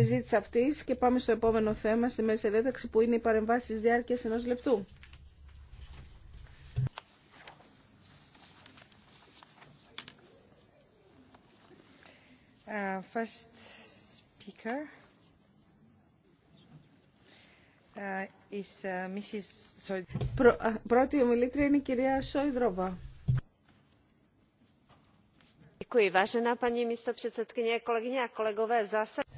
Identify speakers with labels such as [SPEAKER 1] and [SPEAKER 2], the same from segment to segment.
[SPEAKER 1] συζήτηση αυτή και πάμε στο επόμενο θέμα στη μέση διάταξη που είναι οι παρεμβάσει διάρκεια ενό λεπτού.
[SPEAKER 2] Uh, first speaker uh, is uh, Mrs.
[SPEAKER 1] πρώτη ομιλήτρια είναι η κυρία Σόιδροβα. Děkuji, vážená paní kolegyně a kolegové.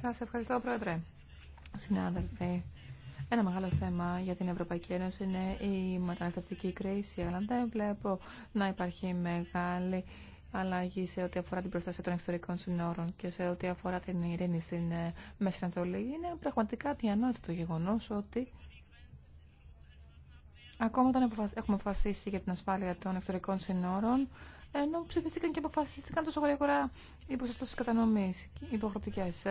[SPEAKER 1] Σας
[SPEAKER 3] ευχαριστώ, Πρόεδρε. Συνάδελφοι, ένα μεγάλο θέμα για την Ευρωπαϊκή Ένωση είναι η μεταναστευτική κρίση, αλλά δεν βλέπω να υπάρχει μεγάλη αλλαγή σε ό,τι αφορά την προστασία των εξωτερικών συνόρων και σε ό,τι αφορά την ειρήνη στην ε, Μέση Ανατολή. Είναι πραγματικά διανόητο το γεγονός ότι ακόμα όταν έχουμε αποφασίσει για την ασφάλεια των εξωτερικών συνόρων, ενώ ψηφίστηκαν και αποφασίστηκαν τόσο γρήγορα οι ποσοστώσεις κατανομής, υποχρεωτικές.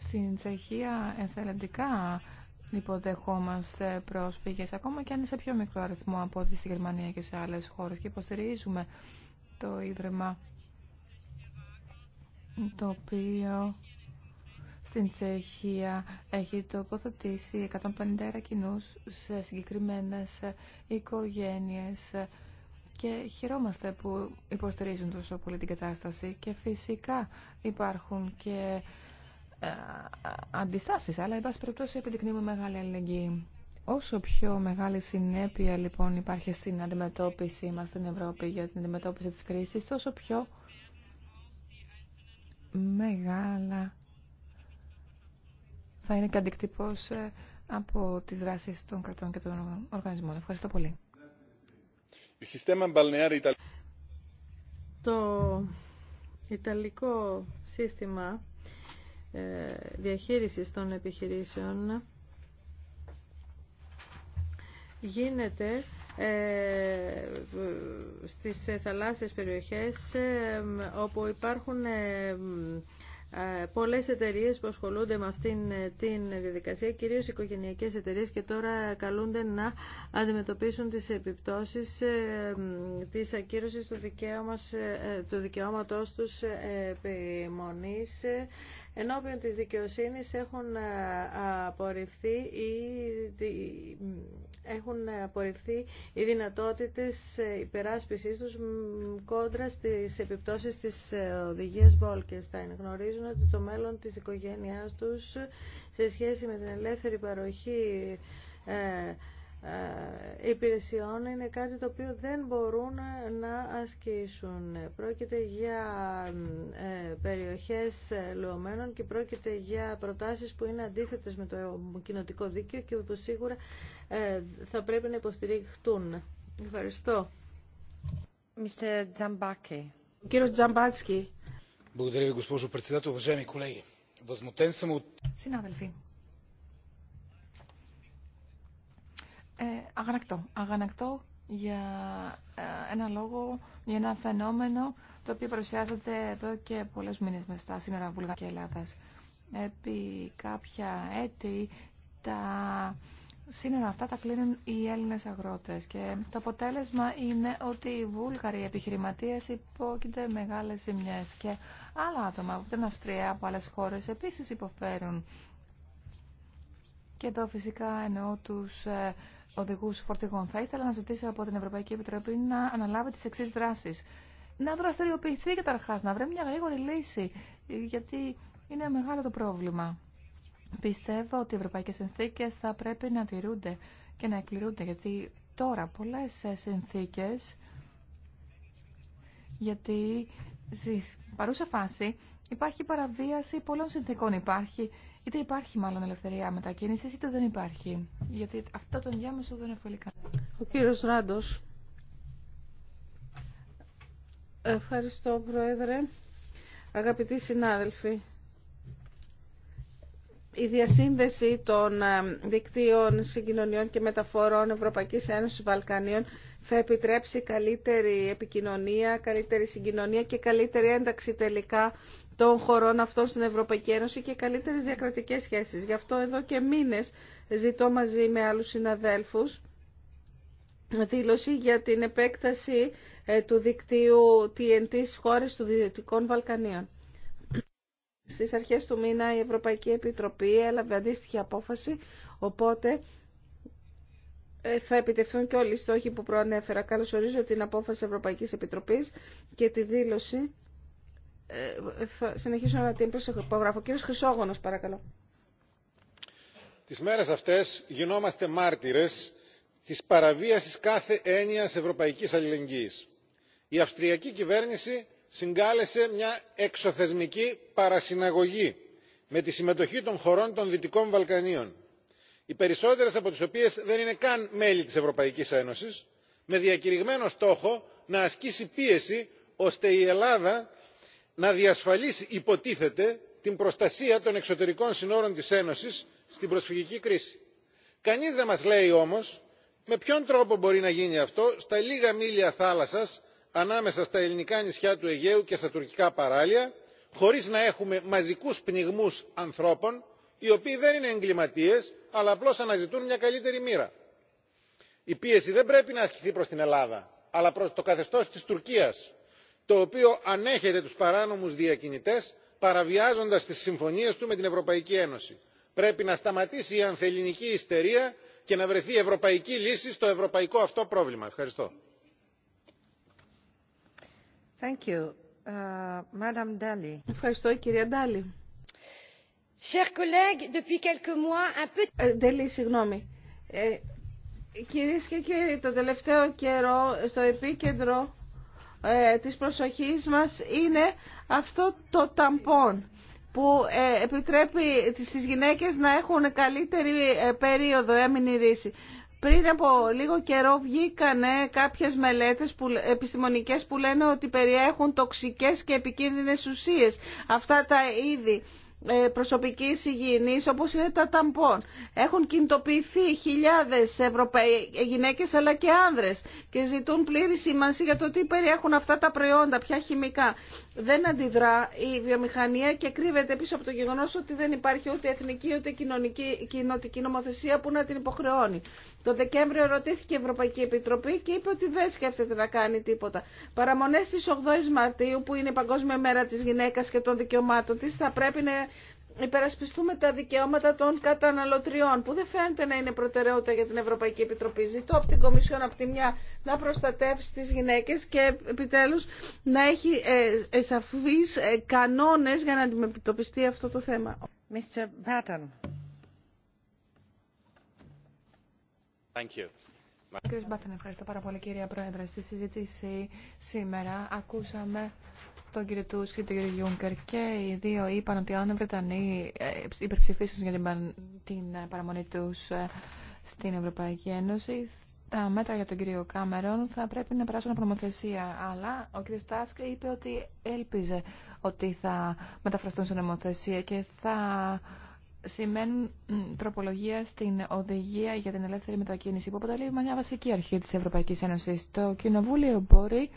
[SPEAKER 3] Στην Τσεχία εθελοντικά υποδεχόμαστε πρόσφυγες, ακόμα και αν είναι σε πιο μικρό αριθμό από ό,τι στη Γερμανία και σε άλλες χώρες και υποστηρίζουμε το Ίδρυμα το οποίο στην Τσεχία έχει τοποθετήσει 150 κοινού σε συγκεκριμένες οικογένειες και χαιρόμαστε που υποστηρίζουν τόσο πολύ την κατάσταση και φυσικά υπάρχουν και ε, Αντιστάσει, αλλά εν πάση περιπτώσει επιδεικνύουμε μεγάλη αλληλεγγύη. Όσο πιο μεγάλη συνέπεια λοιπόν υπάρχει στην αντιμετώπιση μα στην Ευρώπη για την αντιμετώπιση τη κρίσης, τόσο πιο μεγάλα θα είναι και αντικτυπώ ε, από τι δράσει των κρατών και των οργανισμών. Ευχαριστώ πολύ.
[SPEAKER 2] Το Ιταλικό σύστημα ε, διαχείρισης των επιχειρήσεων γίνεται ε, στις θαλάσσιες περιοχές ε, όπου υπάρχουν ε, πολλές εταιρείες που ασχολούνται με αυτήν ε, την διαδικασία, κυρίως οικογενειακές εταιρείες και τώρα καλούνται να αντιμετωπίσουν τις επιπτώσεις ε, της ακύρωσης του, δικαίωμας, του δικαιώματός τους επιμονής ενώπιον της δικαιοσύνης έχουν απορριφθεί έχουν απορριφθεί οι δυνατότητες υπεράσπισης τους κόντρα στις επιπτώσεις της ε, οδηγίας Μπόλκεσταν. Γνωρίζουν ότι το μέλλον της οικογένειάς τους σε σχέση με την ελεύθερη παροχή ε, ε, υπηρεσιών είναι κάτι το οποίο δεν μπορούν να ασκήσουν. Πρόκειται για ε, περιοχές ε, λεωμένων και πρόκειται για προτάσεις που είναι αντίθετες με το κοινοτικό δίκαιο και που σίγουρα θα πρέπει να υποστηριχτούν. Ευχαριστώ.
[SPEAKER 1] Κύριος Τζαμπάτσκι.
[SPEAKER 3] Συνάδελφοι, ε, αγανακτό. για ε, ένα λόγο, για ένα φαινόμενο το οποίο παρουσιάζεται εδώ και πολλές μήνες με στα σύνορα Βουλγαρία και Ελλάδας. Επί κάποια έτη τα σύνορα αυτά τα κλείνουν οι Έλληνες αγρότες και το αποτέλεσμα είναι ότι οι Βούλγαροι επιχειρηματίες υπόκεινται μεγάλες ζημιές και άλλα άτομα από την Αυστρία, από άλλες χώρες επίσης υποφέρουν. Και εδώ φυσικά εννοώ τους ε, οδηγού φορτηγών. Θα ήθελα να ζητήσω από την Ευρωπαϊκή Επιτροπή να αναλάβει τι εξή δράσει. Να δραστηριοποιηθεί καταρχά, να βρει μια γρήγορη λύση, γιατί είναι μεγάλο το πρόβλημα. Πιστεύω ότι οι ευρωπαϊκέ συνθήκε θα πρέπει να τηρούνται και να εκπληρούνται, γιατί τώρα πολλέ συνθήκε. Γιατί στη παρούσα φάση υπάρχει παραβίαση πολλών συνθήκων. Υπάρχει Είτε υπάρχει μάλλον ελευθερία μετακίνηση, είτε δεν υπάρχει. Γιατί αυτό το διάμεσο δεν κανένα. Ο κύριος Ράντος.
[SPEAKER 1] Ευχαριστώ, Πρόεδρε. Αγαπητοί συνάδελφοι, η διασύνδεση των ε, δικτύων συγκοινωνιών και μεταφορών Ευρωπαϊκής Ένωσης Βαλκανίων θα επιτρέψει καλύτερη επικοινωνία, καλύτερη συγκοινωνία και καλύτερη ένταξη τελικά των χωρών αυτών στην Ευρωπαϊκή Ένωση και καλύτερες διακρατικές σχέσεις. Γι' αυτό εδώ και μήνες ζητώ μαζί με άλλους συναδέλφους δήλωση για την επέκταση ε, του δικτύου TNT στις χώρες του Δυτικών Βαλκανίων. Στις αρχές του μήνα η Ευρωπαϊκή Επιτροπή έλαβε αντίστοιχη απόφαση, οπότε ε, θα επιτευχθούν και όλοι οι στόχοι που προανέφερα. Καλωσορίζω την απόφαση Ευρωπαϊκής Επιτροπής και τη δήλωση ε, θα συνεχίσω να την προσεχωγράφω. Κύριος Χρυσόγονος, παρακαλώ.
[SPEAKER 4] Τις μέρες αυτές γινόμαστε μάρτυρες της παραβίασης κάθε έννοιας ευρωπαϊκής αλληλεγγύης. Η αυστριακή κυβέρνηση συγκάλεσε μια εξωθεσμική παρασυναγωγή με τη συμμετοχή των χωρών των Δυτικών Βαλκανίων, οι περισσότερες από τις οποίες δεν είναι καν μέλη της Ευρωπαϊκής Ένωσης, με διακηρυγμένο στόχο να ασκήσει πίεση ώστε η Ελλάδα να διασφαλίσει υποτίθεται την προστασία των εξωτερικών συνόρων της ένωσης στην προσφυγική κρίση. κανείς δεν μας λέει όμως με ποιον τρόπο μπορεί να γίνει αυτό στα λίγα μίλια θάλασσας ανάμεσα στα ελληνικά νησιά του αιγαίου και στα τουρκικά παράλια χωρίς να έχουμε μαζικούς πνιγμούς ανθρώπων οι οποίοι δεν είναι εγκληματίες αλλά απλώς αναζητούν μια καλύτερη μοίρα. η πίεση δεν πρέπει να ασκηθεί προς την ελλάδα αλλά προς το καθεστώς της τουρκίας το οποίο ανέχεται τους παράνομους διακινητές παραβιάζοντας τις συμφωνίες του με την ευρωπαϊκή ένωση. πρέπει να σταματήσει η ανθελληνική ιστερία και να βρεθεί ευρωπαϊκή λύση στο ευρωπαϊκό αυτό πρόβλημα. ευχαριστώ.
[SPEAKER 1] Thank uh, ευχαριστώ κυρία Ντάλι. Chers depuis quelques ε, ε, κυρίες και κύριοι, το τελευταίο καιρό στο επίκεντρο ε, της προσοχής μας είναι αυτό το ταμπόν που ε, επιτρέπει στις γυναίκες να έχουν καλύτερη ε, περίοδο έμεινη ρίση. Πριν από λίγο καιρό βγήκανε κάποιες μελέτες που, επιστημονικές που λένε ότι περιέχουν τοξικές και επικίνδυνες ουσίες αυτά τα είδη ε, προσωπικής υγιεινής όπως είναι τα ταμπών. Έχουν κινητοποιηθεί χιλιάδες Ευρωπαίοι ε, γυναίκες αλλά και άνδρες και ζητούν πλήρη σήμανση για το τι περιέχουν αυτά τα προϊόντα, ποια χημικά δεν αντιδρά η βιομηχανία και κρύβεται πίσω από το γεγονός ότι δεν υπάρχει ούτε εθνική ούτε κοινωνική, κοινωτική νομοθεσία που να την υποχρεώνει. Το Δεκέμβριο ρωτήθηκε η Ευρωπαϊκή Επιτροπή και είπε ότι δεν σκέφτεται να κάνει τίποτα. Παραμονές τη 8 η Μαρτίου που είναι η Παγκόσμια Μέρα τη γυναίκα και των Δικαιωμάτων τη, θα πρέπει να υπερασπιστούμε τα δικαιώματα των καταναλωτριών, που δεν φαίνεται να είναι προτεραιότητα για την Ευρωπαϊκή Επιτροπή. Ζητώ από την Κομισιόν από τη μια να προστατεύσει τις γυναίκες και επιτέλους να έχει ε, σαφείς ε, κανόνες για να αντιμετωπιστεί αυτό το θέμα.
[SPEAKER 3] Mr. Batten. Thank you. Κύριε Μπάτεν, ευχαριστώ πάρα πολύ κυρία Πρόεδρε. Στη συζήτηση σήμερα ακούσαμε τον κύριο Τούσκ και τον κύριο Γιούγκερ και οι δύο είπαν ότι αν οι Βρετανοί ε, υπερψηφίσουν για την ε, παραμονή του ε, στην Ευρωπαϊκή Ένωση, τα μέτρα για τον κύριο Κάμερον θα πρέπει να περάσουν από νομοθεσία. Αλλά ο κύριο Τάσκ είπε ότι έλπιζε ότι θα μεταφραστούν σε νομοθεσία και θα σημαίνουν τροπολογία στην οδηγία για την ελεύθερη μετακίνηση που αποτελεί μια βασική αρχή της Ευρωπαϊκής Ένωσης. Το Κοινοβούλιο μπορεί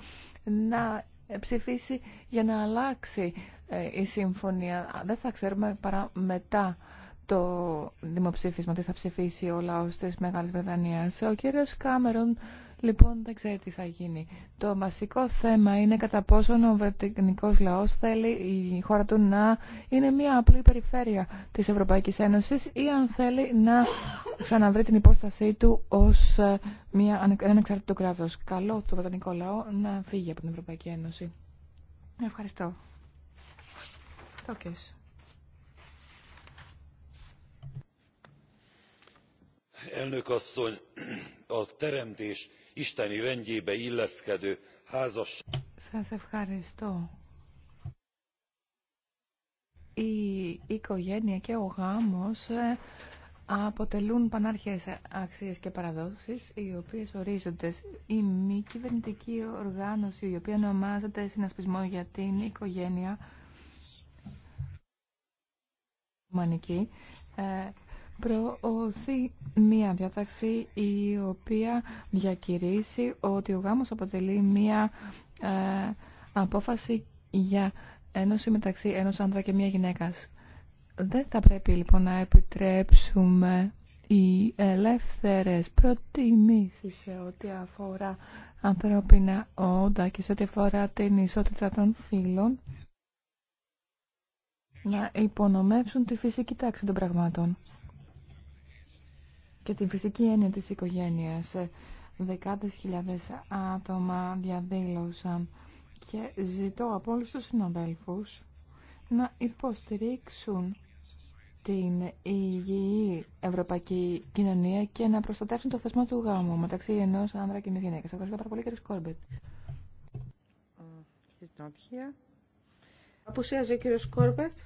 [SPEAKER 3] να ψηφίσει για να αλλάξει ε, η συμφωνία. Δεν θα ξέρουμε παρά μετά το δημοψήφισμα τι θα ψηφίσει ο λαός της Μεγάλης Βρετανίας. Ο κύριος Κάμερον Λοιπόν, δεν ξέρω τι θα γίνει. Το βασικό θέμα είναι κατά πόσον ο βρετανικό λαό θέλει η χώρα του να είναι μια απλή περιφέρεια τη Ευρωπαϊκή Ένωση ή αν θέλει να ξαναβρει την υπόστασή του ω ε, ένα εξαρτητό κράτο. Καλό το βρετανικό λαό να φύγει από την Ευρωπαϊκή Ένωση. Ευχαριστώ. Τόκες.
[SPEAKER 4] Elnök asszony, teremtés isteni rendjébe illeszkedő házasság.
[SPEAKER 3] ευχαριστώ. Η οικογένεια και ο γάμος ε, αποτελούν πανάρχες αξίες και παραδόσεις οι οποίες ορίζονται η μη κυβερνητική οργάνωση η οποία ονομάζεται Συνασπισμό για την Οικογένεια Μανική ε, προωθεί μία διάταξη η οποία διακηρύσει ότι ο γάμος αποτελεί μία ε, απόφαση για ένωση μεταξύ ενός άνδρα και μία γυναίκας. Δεν θα πρέπει λοιπόν να επιτρέψουμε οι ελεύθερες προτιμήσεις σε ό,τι αφορά ανθρώπινα όντα και σε ό,τι αφορά την ισότητα των φύλων να υπονομεύσουν τη φυσική τάξη των πραγμάτων και την φυσική έννοια της οικογένειας. Δεκάδες χιλιάδες άτομα διαδήλωσαν και ζητώ από όλους τους συναδέλφους να υποστηρίξουν την υγιή ευρωπαϊκή κοινωνία και να προστατεύσουν το θεσμό του γάμου μεταξύ ενό άνδρα και μια γυναίκα. Ευχαριστώ πάρα πολύ, κύριε Σκόρμπετ. Uh,
[SPEAKER 1] κύριο Σκόρμπετ,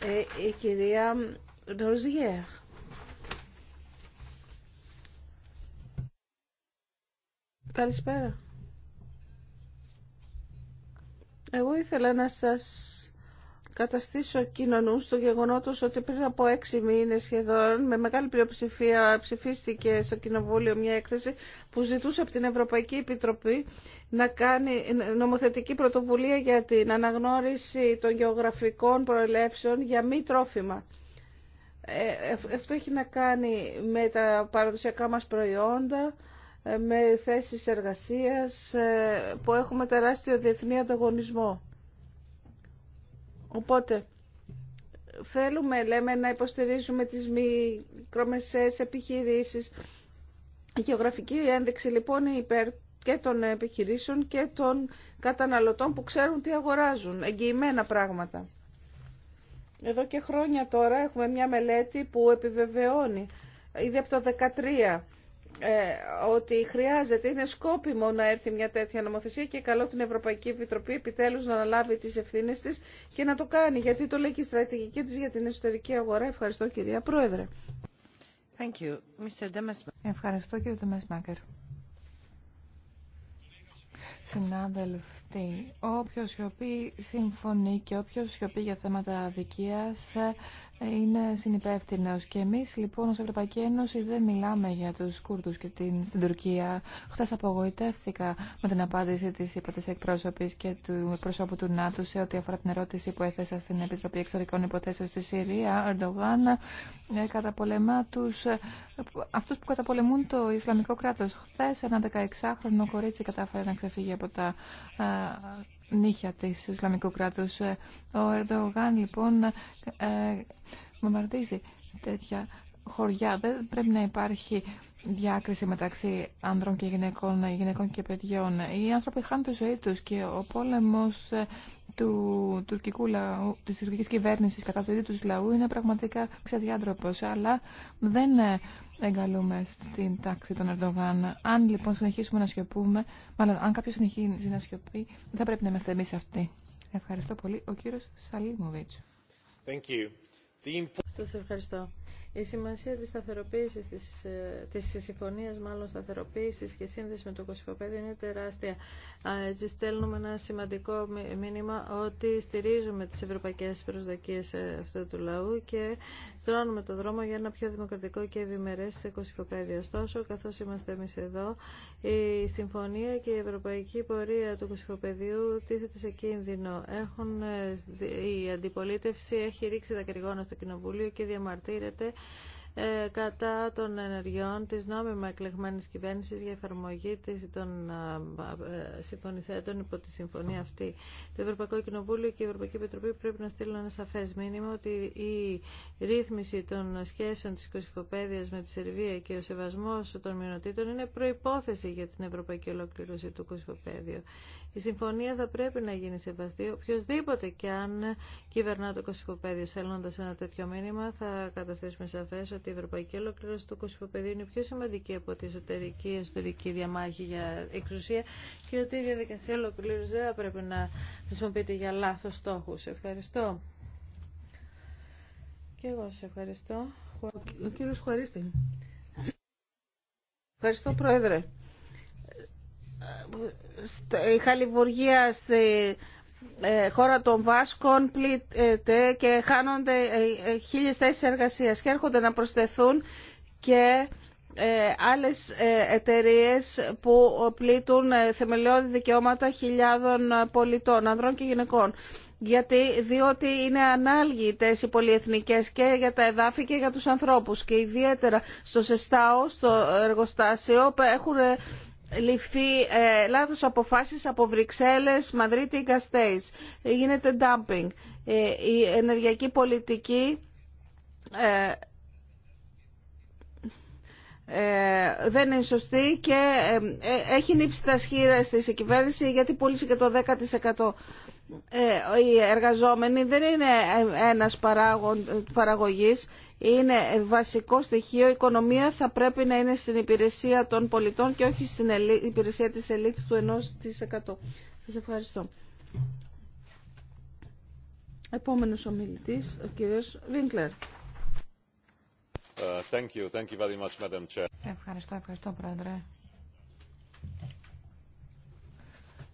[SPEAKER 1] ε, η κυρία Καλησπέρα. Εγώ ήθελα να σας καταστήσω κοινωνού στο γεγονότος ότι πριν από έξι μήνες σχεδόν με μεγάλη πλειοψηφία ψηφίστηκε στο Κοινοβούλιο μια έκθεση που ζητούσε από την Ευρωπαϊκή Επιτροπή να κάνει νομοθετική πρωτοβουλία για την αναγνώριση των γεωγραφικών προελεύσεων για μη τρόφιμα. Ε, ε αυτό έχει να κάνει με τα παραδοσιακά μας προϊόντα, ε, με θέσεις εργασίας ε, που έχουμε τεράστιο διεθνή ανταγωνισμό. Οπότε, θέλουμε, λέμε, να υποστηρίζουμε τις μικρομεσαίες επιχειρήσεις. Η γεωγραφική ένδειξη λοιπόν είναι υπέρ και των επιχειρήσεων και των καταναλωτών που ξέρουν τι αγοράζουν, εγγυημένα πράγματα. Εδώ και χρόνια τώρα έχουμε μια μελέτη που επιβεβαιώνει, ήδη από το 2013, ε, ότι χρειάζεται, είναι σκόπιμο να έρθει μια τέτοια νομοθεσία και καλό την Ευρωπαϊκή Επιτροπή επιτέλους να αναλάβει τις ευθύνες της και να το κάνει, γιατί το λέει και η στρατηγική της για την εσωτερική
[SPEAKER 3] αγορά. Ευχαριστώ κυρία Πρόεδρε. Thank you. Mr. Ευχαριστώ κύριε Δεμεσμάκερ. Συνάδελφοι, όποιος σιωπή συμφωνεί και όποιος σιωπή για θέματα αδικίας είναι συνυπεύθυνο. Και εμεί λοιπόν ω Ευρωπαϊκή Ένωση δεν μιλάμε για του Κούρδου και την, στην Τουρκία. Χθε απογοητεύτηκα με την απάντηση τη υπατή εκπρόσωπη και του πρόσωπου του ΝΑΤΟ σε ό,τι αφορά την ερώτηση που έθεσα στην Επιτροπή Εξωτερικών Υποθέσεων στη Συρία. Ερντογάν ε, καταπολεμά του, ε, αυτού που καταπολεμούν το Ισλαμικό κράτο. Χθε ένα 16χρονο κορίτσι κατάφερε να ξεφύγει από τα ε, νύχια της Ισλαμικού κράτους. Ε, ο Ερντογάν λοιπόν μομαρτίζει ε, τέτοια χωριά. Δεν πρέπει να υπάρχει διάκριση μεταξύ άνδρων και γυναικών, γυναικών και παιδιών. Οι άνθρωποι χάνουν τη ζωή τους και ο πόλεμος ε, του τουρκικού λαού, της τουρκικής κυβέρνησης κατά του ίδιου του λαού είναι πραγματικά ξεδιάντροπος, αλλά δεν εγκαλούμε στην τάξη των Ερντογάν. Αν λοιπόν συνεχίσουμε να σιωπούμε, μάλλον αν κάποιο συνεχίζει να σιωπεί, δεν θα πρέπει να είμαστε εμεί αυτοί. Ευχαριστώ πολύ. Ο κύριο Σαλίμοβιτ.
[SPEAKER 2] Σας ευχαριστώ. Η σημασία της σταθεροποίησης, της, ε, της συμφωνίας μάλλον σταθεροποίησης και σύνδεση με το Κωσυφοπέδιο είναι τεράστια. Έτσι στέλνουμε ένα σημαντικό μήνυμα ότι στηρίζουμε τις ευρωπαϊκές προσδοκίες ε, αυτού του λαού και στρώνουμε το δρόμο για ένα πιο δημοκρατικό και ευημερές Κωσυφοπέδιο. Ωστόσο, καθώς είμαστε εμείς εδώ, η συμφωνία και η ευρωπαϊκή πορεία του Κωσυφοπεδίου τίθεται σε κίνδυνο. Έχουν, ε, η αντιπολίτευση έχει ρίξει δακρυγόνα στο Κοινοβούλιο και διαμαρτύρεται Υπότιτλοι AUTHORWAVE ε, κατά των ενεργειών της νόμιμα εκλεγμένης κυβέρνησης για εφαρμογή της των ε, συμφωνηθέτων υπό τη συμφωνία αυτή. Το Ευρωπαϊκό Κοινοβούλιο και η Ευρωπαϊκή Επιτροπή πρέπει να στείλουν ένα σαφές μήνυμα ότι η ρύθμιση των σχέσεων της Κωσυφοπαίδειας με τη Σερβία και ο σεβασμός των μειονοτήτων είναι προϋπόθεση για την ευρωπαϊκή ολοκλήρωση του Κωσυφοπαίδειου. Η συμφωνία θα πρέπει να γίνει σεβαστή. Οποιοδήποτε και αν κυβερνά το Κωσυφοπαίδιο σέλνοντας ένα τέτοιο μήνυμα θα καταστήσουμε ότι ότι η ευρωπαϊκή ολοκλήρωση του κοσυφοπεδίου είναι πιο σημαντική από τη εσωτερική ιστορική διαμάχη για εξουσία και ότι η διαδικασία ολοκλήρωση δεν πρέπει να χρησιμοποιείται για λάθο στόχου. Ευχαριστώ. Και
[SPEAKER 1] εγώ ευχαριστώ. Ο κύριος χωρίστη. Ευχαριστώ, Πρόεδρε. Η Χαλιβουργία στη ε, χώρα των Βάσκων πλήττεται και χάνονται ε, ε, χίλιες θέσεις εργασίας και έρχονται να προσθεθούν και άλλες εταιρείες που πλήττουν θεμελιώδη δικαιώματα χιλιάδων πολιτών, ανδρών και γυναικών. Γιατί, διότι είναι ανάλγητες οι πολυεθνικές και για τα εδάφη και για τους ανθρώπους και ιδιαίτερα στο Σεστάο, στο εργοστάσιο, έχουν ληφθεί ε, λάθος αποφάσεις από Βρυξέλλες, Μαδρίτη ή Καστέης. Γίνεται dumping. Ε, η ενεργειακή πολιτική ε, ε, δεν είναι σωστή και έχει νύψει τα σχήρα στη κυβέρνηση γιατί πούλησε και το 10%. Ε, οι εργαζόμενοι δεν είναι ένας παράγον, παραγωγής είναι βασικό στοιχείο. Η οικονομία θα πρέπει να είναι στην υπηρεσία των πολιτών και όχι στην υπηρεσία της ελίτ του 1%. Σας ευχαριστώ. Επόμενος ομιλητής, ο κύριος Βίνκλερ. Uh,
[SPEAKER 4] thank you.
[SPEAKER 3] Ευχαριστώ, ευχαριστώ, Πρόεδρε.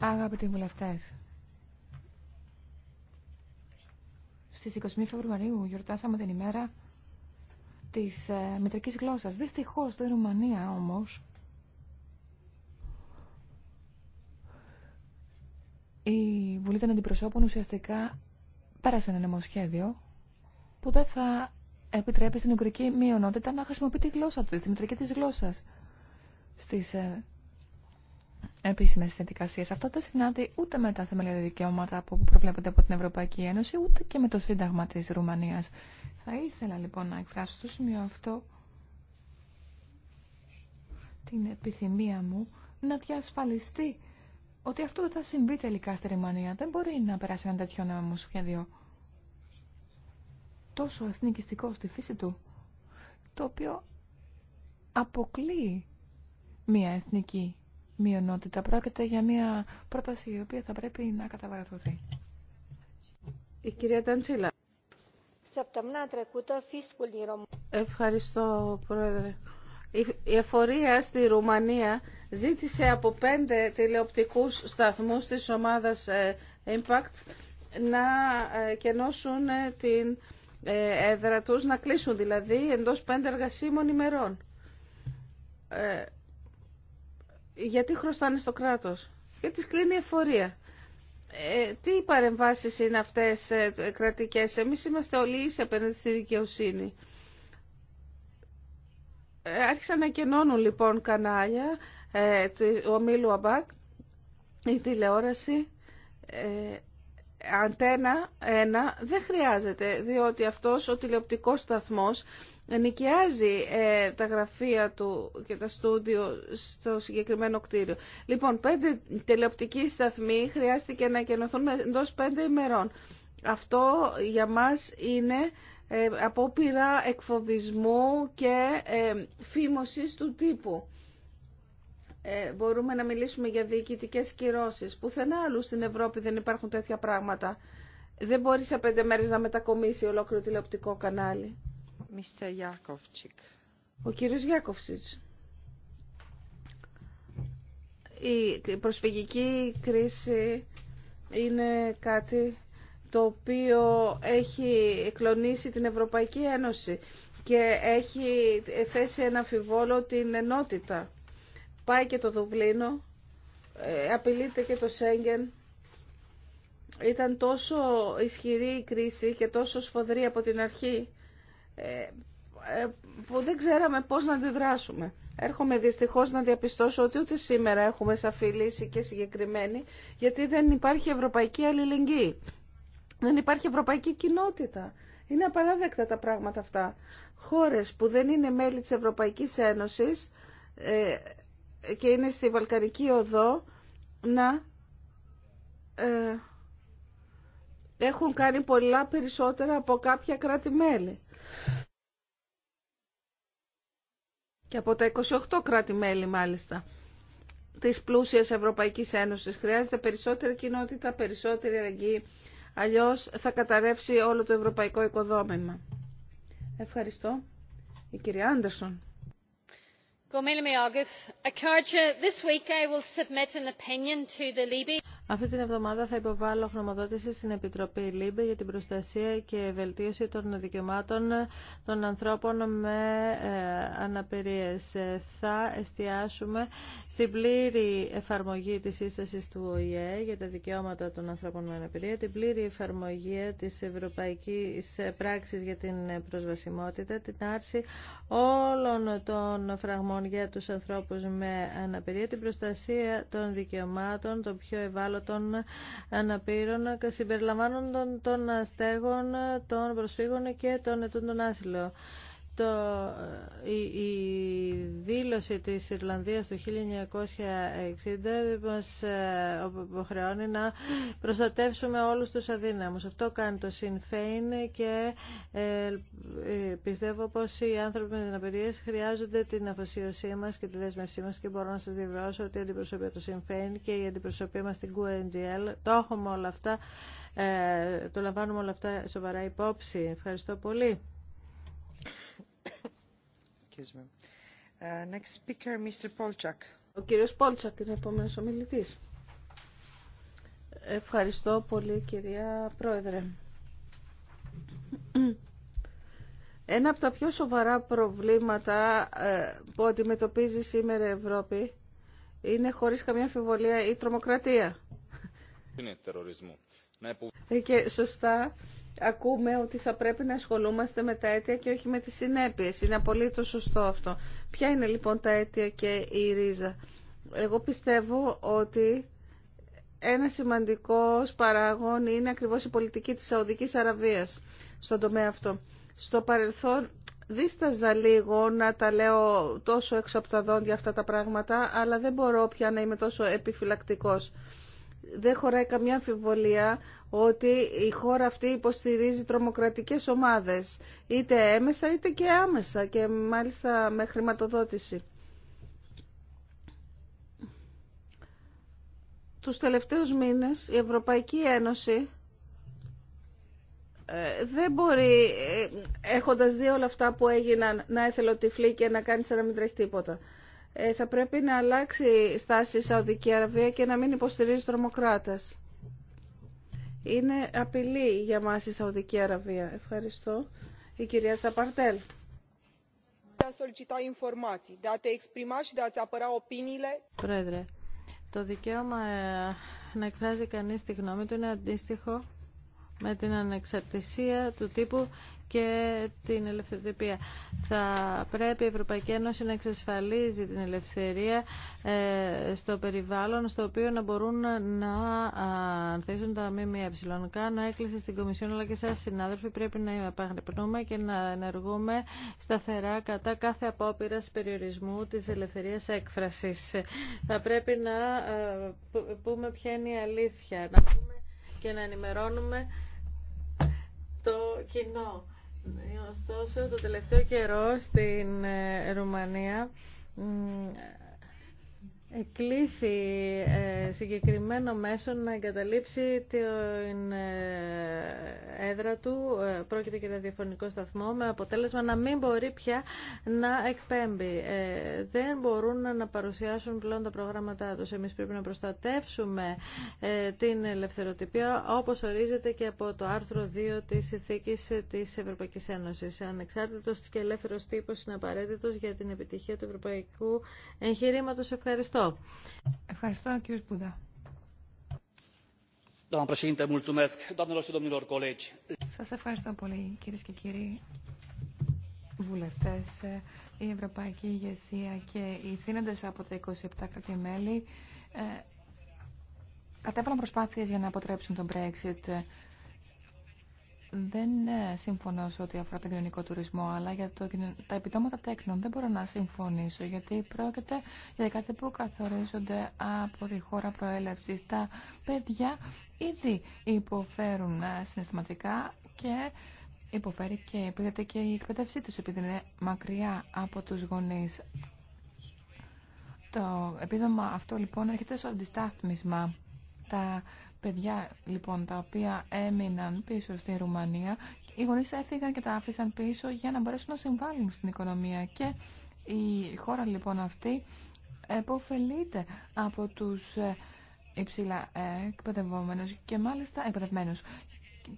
[SPEAKER 3] Αγαπητοί βουλευτές, στις 21 Φεβρουαρίου γιορτάσαμε την ημέρα της ε, μητρικής γλώσσας. Δυστυχώς στη Ρουμανία όμως η Βουλή των Αντιπροσώπων ουσιαστικά πέρασε ένα νομοσχέδιο που δεν θα επιτρέπει στην Ουγγρική μειονότητα να χρησιμοποιεί τη γλώσσα του, τη μητρική της γλώσσας στις ε, επίσημε διαδικασίε. Αυτό δεν συνάδει ούτε με τα θεμελιώδη δικαιώματα που προβλέπονται από την Ευρωπαϊκή Ένωση, ούτε και με το Σύνταγμα τη Ρουμανία. Θα ήθελα λοιπόν να εκφράσω στο σημείο αυτό την επιθυμία μου να διασφαλιστεί ότι αυτό δεν θα συμβεί τελικά στη Ρουμανία. Δεν μπορεί να περάσει ένα τέτοιο νόμο σχέδιο τόσο εθνικιστικό στη φύση του, το οποίο αποκλείει μια εθνική μειονότητα. Πρόκειται για μια πρόταση η οποία θα πρέπει να καταβαρατωθεί.
[SPEAKER 1] Η κυρία Ταντσίλα. Ευχαριστώ, Πρόεδρε. Η εφορία στη Ρουμανία ζήτησε από πέντε τηλεοπτικούς σταθμούς της ομάδας ε, Impact να ε, κενώσουν ε, την έδρα τους, να κλείσουν δηλαδή εντός πέντε εργασίμων ημερών γιατί χρωστάνε στο κράτος. Γιατί κλείνει η εφορία. Ε, τι παρεμβάσεις είναι αυτές ε, ε, κρατικές. Εμείς είμαστε όλοι ίσοι απέναντι στη δικαιοσύνη. Ε, άρχισαν να κενώνουν λοιπόν κανάλια ε, του ομίλου ΑΜΠΑΚ, η τηλεόραση ε, αντένα ένα δεν χρειάζεται, διότι αυτός ο τηλεοπτικός σταθμός νοικιάζει ε, τα γραφεία του και τα στούντιο στο συγκεκριμένο κτίριο. Λοιπόν, πέντε τηλεοπτικοί σταθμοί χρειάστηκε να κενωθούν εντό πέντε ημερών. Αυτό για μας είναι ε, απόπειρα εκφοβισμού και ε, του τύπου. Ε, μπορούμε να μιλήσουμε για διοικητικέ κυρώσεις. Πουθενά άλλου στην Ευρώπη δεν υπάρχουν τέτοια πράγματα. Δεν μπορεί σε πέντε μέρε να μετακομίσει ολόκληρο τηλεοπτικό κανάλι. Ο κύριος Γιάκοφτσιτς. Η προσφυγική κρίση είναι κάτι το οποίο έχει εκλονίσει την Ευρωπαϊκή Ένωση και έχει θέσει ένα αμφιβόλο την ενότητα πάει και το Δουβλίνο, ε, απειλείται και το Σέγγεν. Ήταν τόσο ισχυρή η κρίση και τόσο σφοδρή από την αρχή ε, ε, που δεν ξέραμε πώς να αντιδράσουμε. Έρχομαι δυστυχώς να διαπιστώσω ότι ούτε σήμερα έχουμε σαφή λύση και συγκεκριμένη, γιατί δεν υπάρχει ευρωπαϊκή αλληλεγγύη. Δεν υπάρχει ευρωπαϊκή κοινότητα. Είναι απαράδεκτα τα πράγματα αυτά. Χώρες που δεν είναι μέλη της Ευρωπαϊκής Ένωσης και είναι στη Βαλκανική Οδό να ε, έχουν κάνει πολλά περισσότερα από κάποια κράτη-μέλη. Και από τα 28 κράτη-μέλη μάλιστα της πλούσιας Ευρωπαϊκής Ένωσης. Χρειάζεται περισσότερη κοινότητα, περισσότερη αργή, Αλλιώς θα καταρρεύσει όλο το ευρωπαϊκό οικοδόμημα. Ευχαριστώ. Η κυρία Άντερσον this week i will submit an opinion to the libe
[SPEAKER 2] αυτή την εβδομάδα θα υποβάλω γνωμοδότηση στην Επιτροπή ΛΥΜΠΕ για την προστασία και βελτίωση των δικαιωμάτων των ανθρώπων με ε, αναπηρίες. Ε, θα εστιάσουμε στην πλήρη εφαρμογή της σύσταση του ΟΗΕ για τα δικαιώματα των ανθρώπων με αναπηρία, την πλήρη εφαρμογή της Ευρωπαϊκής Πράξης για την προσβασιμότητα, την άρση όλων των φραγμών για τους ανθρώπους με αναπηρία, την προστασία των δικαιωμάτων των πιο ευάλωτων των αναπήρων συμπεριλαμβάνοντα των αστέγων, των προσφύγων και των ετών άσυλων το, ε, η, η δήλωση της Ιρλανδίας το 1960 μας ε, υποχρεώνει να προστατεύσουμε όλους τους αδύναμους. Αυτό κάνει το Sinn Féin και ε, πιστεύω πως οι άνθρωποι με την χρειάζονται την αφοσίωσή μας και τη δέσμευσή μας και μπορώ να σας διαβεβαιώσω ότι η αντιπροσωπεία του Sinn και η αντιπροσωπή μας στην QNGL το έχουμε όλα αυτά, το λαμβάνουμε όλα αυτά σοβαρά υπόψη. Ευχαριστώ πολύ.
[SPEAKER 1] Uh, next speaker, Mr. Ο κύριος Πόλτσακ είναι ο επόμενος ομιλητής. Ευχαριστώ πολύ κυρία Πρόεδρε. Ένα από τα πιο σοβαρά προβλήματα ε, που αντιμετωπίζει σήμερα η Ευρώπη είναι χωρίς καμία αμφιβολία η τρομοκρατία. Είναι ε, Και σωστά ακούμε ότι θα πρέπει να ασχολούμαστε με τα αίτια και όχι με τις συνέπειες. Είναι απολύτως σωστό αυτό. Ποια είναι λοιπόν τα αίτια και η ρίζα. Εγώ πιστεύω ότι ένα σημαντικό παράγον είναι ακριβώς η πολιτική της Σαουδικής Αραβίας στον τομέα αυτό. Στο παρελθόν δίσταζα λίγο να τα λέω τόσο έξω από τα δόντια αυτά τα πράγματα, αλλά δεν μπορώ πια να είμαι τόσο επιφυλακτικός. Δεν χωράει καμιά αμφιβολία ότι η χώρα αυτή υποστηρίζει τρομοκρατικές ομάδες, είτε έμεσα είτε και άμεσα και μάλιστα με χρηματοδότηση. Τους τελευταίους μήνες η Ευρωπαϊκή Ένωση ε, δεν μπορεί, ε, έχοντας δει όλα αυτά που έγιναν, να έθελε τυφλή και να κάνει σαν να μην τρέχει τίποτα. Ε, θα πρέπει να αλλάξει στάση η Σαουδική Αραβία και να μην υποστηρίζει τρομοκράτες είναι απειλή για μας η Σαουδική Αραβία. Ευχαριστώ. Η κυρία Σαπαρτέλ.
[SPEAKER 2] Πρόεδρε, το δικαίωμα ε, να εκφράζει κανείς τη γνώμη του είναι αντίστοιχο με την ανεξαρτησία του τύπου και την ελευθερία. Θα πρέπει η Ευρωπαϊκή Ένωση να εξασφαλίζει την ελευθερία ε, στο περιβάλλον στο οποίο να μπορούν να ανθίσουν τα ΜΜΕ. Κάνω έκκληση στην Κομισιόν αλλά και σας συνάδελφοι πρέπει να επαγρυπνούμε και να ενεργούμε σταθερά κατά κάθε απόπειρα περιορισμού τη ελευθερία έκφραση. Θα πρέπει να ε, πούμε ποια είναι η αλήθεια να πούμε και να ενημερώνουμε το κοινό. Ωστόσο, το τελευταίο καιρό στην ε, Ρουμανία εκλήθη ε, συγκεκριμένο μέσο να εγκαταλείψει την ε, έδρα του, ε, πρόκειται για διαφωνικό σταθμό, με αποτέλεσμα να μην μπορεί πια να εκπέμπει. δεν μπορούν να παρουσιάσουν πλέον τα προγράμματά τους. Εμείς πρέπει να προστατεύσουμε την ελευθεροτυπία, όπως ορίζεται και από το άρθρο 2 της Συνθήκης της Ευρωπαϊκής Ένωσης. Ανεξάρτητος και ελεύθερος τύπος είναι απαραίτητος για την επιτυχία του ευρωπαϊκού εγχειρήματος.
[SPEAKER 3] Ευχαριστώ. Ευχαριστώ. Ευχαριστώ κύριε Σπουδά. Σας ευχαριστώ πολύ κύριε και κύριοι βουλευτές. Η Ευρωπαϊκή ηγεσία και οι θύνοντε από τα 27 κράτη-μέλη ε, κατέβαλαν προσπάθειες για να αποτρέψουν τον Brexit δεν ε, συμφωνώ σε ό,τι αφορά τον κοινωνικό τουρισμό, αλλά για το, τα επιδόματα τέκνων δεν μπορώ να συμφωνήσω, γιατί πρόκειται για κάτι που καθορίζονται από τη χώρα προέλευση. Τα παιδιά ήδη υποφέρουν ε, συναισθηματικά και υποφέρει και και η εκπαίδευσή τους, επειδή είναι μακριά από τους γονείς. Το επίδομα αυτό λοιπόν έρχεται στο αντιστάθμισμα. Τα Παιδιά λοιπόν τα οποία έμειναν πίσω στη Ρουμανία, οι γονείς έφυγαν και τα άφησαν πίσω για να μπορέσουν να συμβάλλουν στην οικονομία και η χώρα λοιπόν αυτή εποφελείται από τους ε, υψηλά εκπαιδευόμενους και μάλιστα εκπαιδευμένους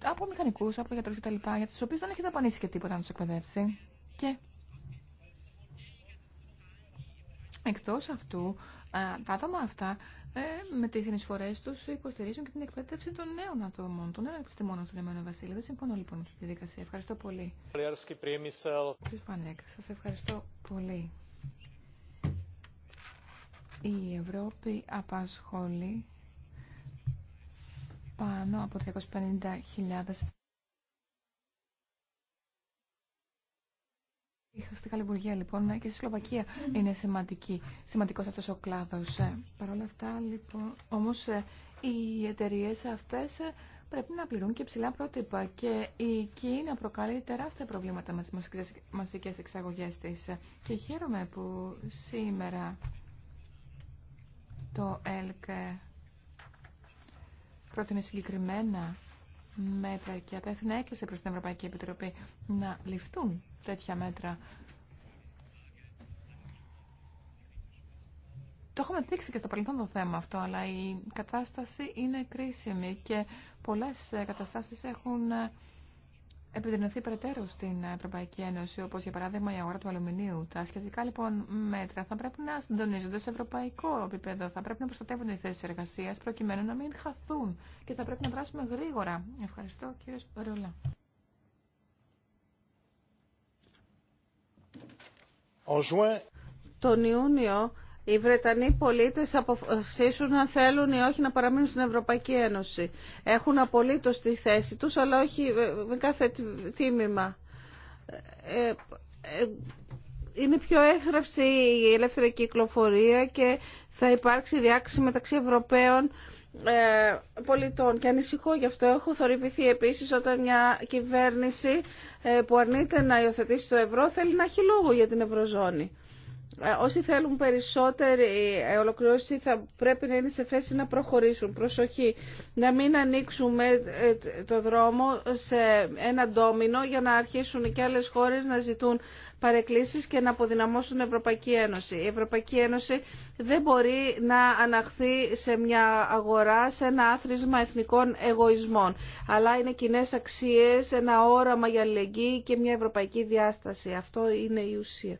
[SPEAKER 3] από μηχανικούς, από γιατρούς κτλ. για τους οποίους δεν έχει δαπανίσει και τίποτα να τους εκπαιδεύσει. Και εκτός αυτού, ε, τα άτομα αυτά ε, με τι συνεισφορέ του υποστηρίζουν και την εκπαίδευση των νέων ατόμων, των νέων επιστημόνων στον Εμένο Βασίλειο. Δεν συμφωνώ λοιπόν με αυτή τη δικασία. Ευχαριστώ πολύ.
[SPEAKER 4] Κύριε
[SPEAKER 3] Πανέκα, σα ευχαριστώ πολύ. Η Ευρώπη απασχολεί πάνω από 350.000 Στη Γαλλιβουργία λοιπόν και στη Σλοβακία είναι σημαντική, σημαντικός αυτός ο κλάδος. Ε, παρ' όλα αυτά λοιπόν όμως ε, οι εταιρείε αυτές ε, πρέπει να πληρούν και ψηλά πρότυπα και η Κίνα προκαλεί τεράστια προβλήματα με τις μαζικές εξαγωγές της. Και χαίρομαι που σήμερα το ΕΛΚ πρότεινε συγκεκριμένα μέτρα και απέθυνε έκκληση προς την Ευρωπαϊκή Επιτροπή να ληφθούν τέτοια μέτρα. Το έχουμε δείξει και στο παρελθόν το θέμα αυτό, αλλά η κατάσταση είναι κρίσιμη και πολλές ε, καταστάσεις έχουν ε, επιδεινωθεί περαιτέρω στην Ευρωπαϊκή Ένωση, όπως για παράδειγμα η αγορά του αλουμινίου. Τα σχετικά λοιπόν μέτρα θα πρέπει να συντονίζονται σε ευρωπαϊκό επίπεδο, θα πρέπει να προστατεύονται οι θέσει εργασία προκειμένου να μην χαθούν και θα πρέπει να δράσουμε γρήγορα. Ευχαριστώ κύριε Ρολά.
[SPEAKER 1] Τον Ιούνιο οι Βρετανοί πολίτες αποφασίσουν αν θέλουν ή όχι να παραμείνουν στην Ευρωπαϊκή Ένωση. Έχουν απολύτως τη θέση τους, αλλά όχι με κάθε τίμημα. Ε, ε, είναι πιο έφραυση η ελεύθερη κυκλοφορία και θα υπάρξει διάκριση μεταξύ Ευρωπαίων ε, πολιτών και ανησυχώ γι' αυτό. Έχω θορυβηθεί επίσης όταν μια κυβέρνηση ε, που αρνείται να υιοθετήσει το ευρώ θέλει να έχει λόγο για την ευρωζώνη. Ε, όσοι θέλουν περισσότερη ε, ολοκληρώση θα πρέπει να είναι σε θέση να προχωρήσουν. Προσοχή, να μην ανοίξουμε ε, το δρόμο σε ένα ντόμινο για να αρχίσουν και άλλες χώρες να ζητούν παρεκκλήσεις και να αποδυναμώσουν την Ευρωπαϊκή Ένωση. Η Ευρωπαϊκή Ένωση δεν μπορεί να αναχθεί σε μια αγορά, σε ένα άθροισμα εθνικών εγωισμών, αλλά είναι κοινέ αξίες, ένα όραμα για αλληλεγγύη και μια ευρωπαϊκή διάσταση. Αυτό είναι η ουσία.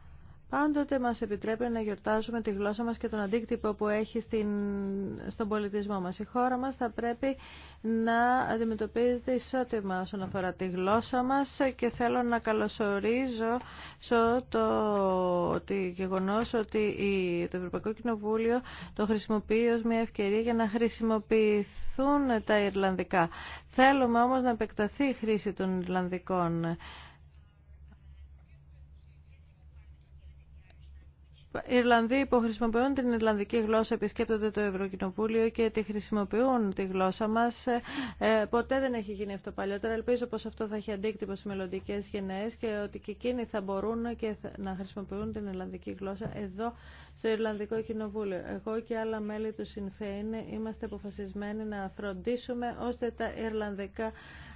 [SPEAKER 2] πάντοτε μας επιτρέπει να γιορτάζουμε τη γλώσσα μας και τον αντίκτυπο που έχει στην, στον πολιτισμό μας. Η χώρα μας θα πρέπει να αντιμετωπίζεται ισότιμα όσον αφορά τη γλώσσα μας και θέλω να καλωσορίζω το ότι γεγονός ότι το Ευρωπαϊκό Κοινοβούλιο το χρησιμοποιεί ως μια ευκαιρία για να χρησιμοποιηθούν τα Ιρλανδικά. Θέλουμε όμως να επεκταθεί η χρήση των Ιρλανδικών Οι Ιρλανδοί που χρησιμοποιούν την Ιρλανδική γλώσσα, επισκέπτονται το Ευρωκοινοβούλιο και τη χρησιμοποιούν τη γλώσσα μα. Ε, ε, ποτέ δεν έχει γίνει αυτό παλιότερα. Ελπίζω πω αυτό θα έχει αντίκτυπο στι μελλοντικέ γενναίε και ότι και εκείνοι θα μπορούν και να χρησιμοποιούν την Ιρλανδική γλώσσα εδώ στο Ιρλανδικό Κοινοβούλιο. Εγώ και άλλα μέλη του Συνφέιν είμαστε αποφασισμένοι να φροντίσουμε ώστε τα Ιρλανδικά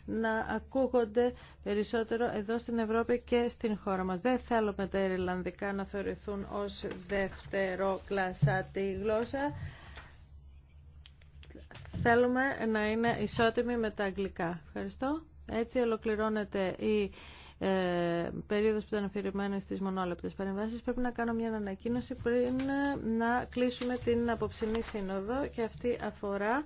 [SPEAKER 2] να ακούγονται περισσότερο εδώ στην Ευρώπη και στην χώρα μας. Δεν θέλουμε τα Ιρλανδικά να θεωρηθούν ως δεύτερο τη γλώσσα. Θέλουμε να είναι ισότιμοι με τα αγγλικά. Ευχαριστώ. Έτσι ολοκληρώνεται η ε, περίοδος που ήταν αφηρημένη στις μονόλεπτες παρεμβάσεις. Πρέπει να κάνω μια ανακοίνωση πριν να κλείσουμε την αποψινή σύνοδο και αυτή αφορά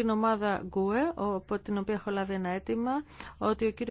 [SPEAKER 2] την ομάδα Γκουε, από την οποία έχω λάβει ένα αίτημα, ότι ο